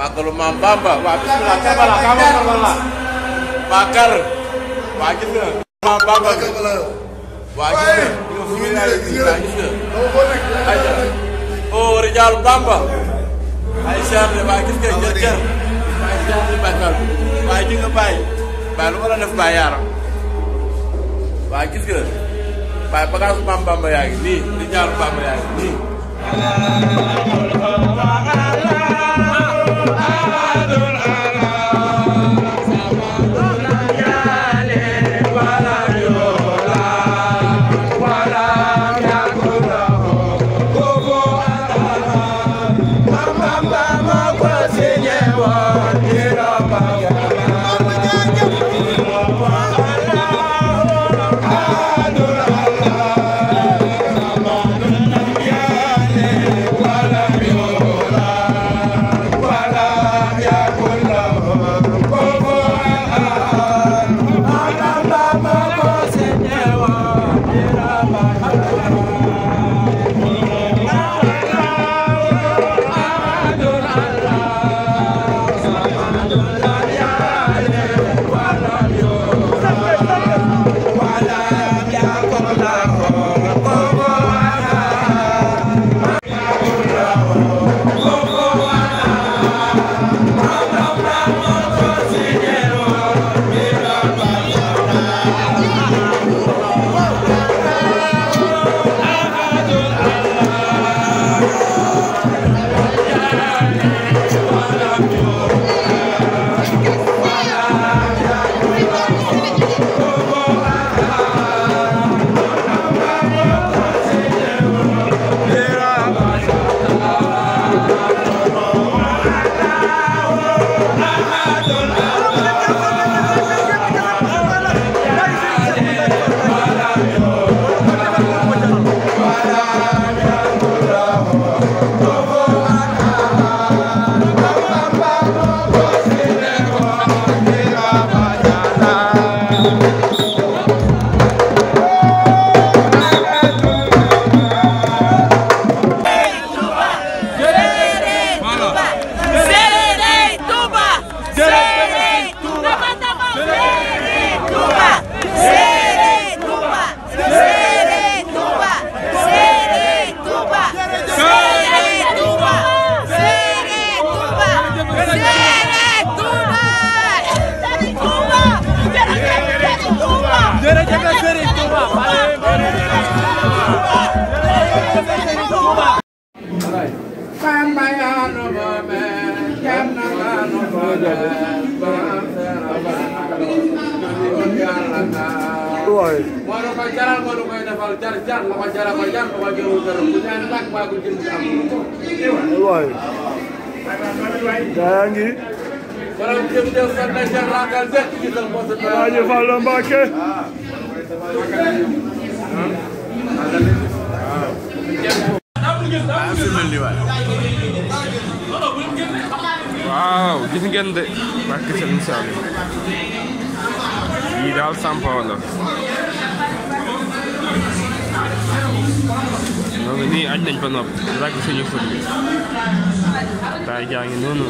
màggalu maam Bamba waaw bismillah Karbala Kaaba Karbala waa kar waa gis nga maam Bamba gi waa gis nga ñoom fi muy laaj gis nga ayca oo oh, rijaal Bamba ay seer la waaye gis nga jër jër waaye seer la bàkkal waaye ji nga bàyyi bàyyi lu ko la def bàyyi yaaram waaye gis nga bàyyi bagage maam Bamba yaa ngi nii rijaal Bamba yaa ngi nii Adonai. Thank you. Pambayano Bome, Kamnagano Bode, Boy. Moro ko jaral ko koy defal jar jar la ko jaral ko jar ko jëru gërëm bu ñaan tak ba ko jënd am. Waay. Daa ngi. Borom jëm jëm sa jar la ka jëk ci sa mos. Waaye Fallo Mbacke. gis ngeen de barke Serigne Saliou yii daal sampoo la loolu nii aj nañ ba noppi rag suñu fur bi taay jaa ngi noonu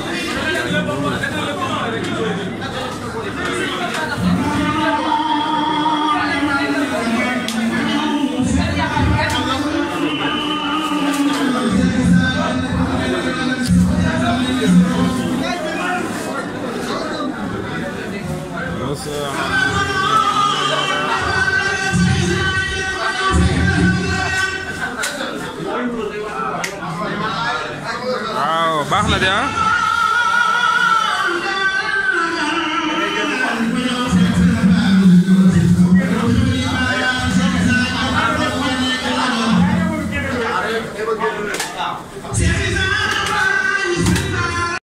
waaw baax na de ah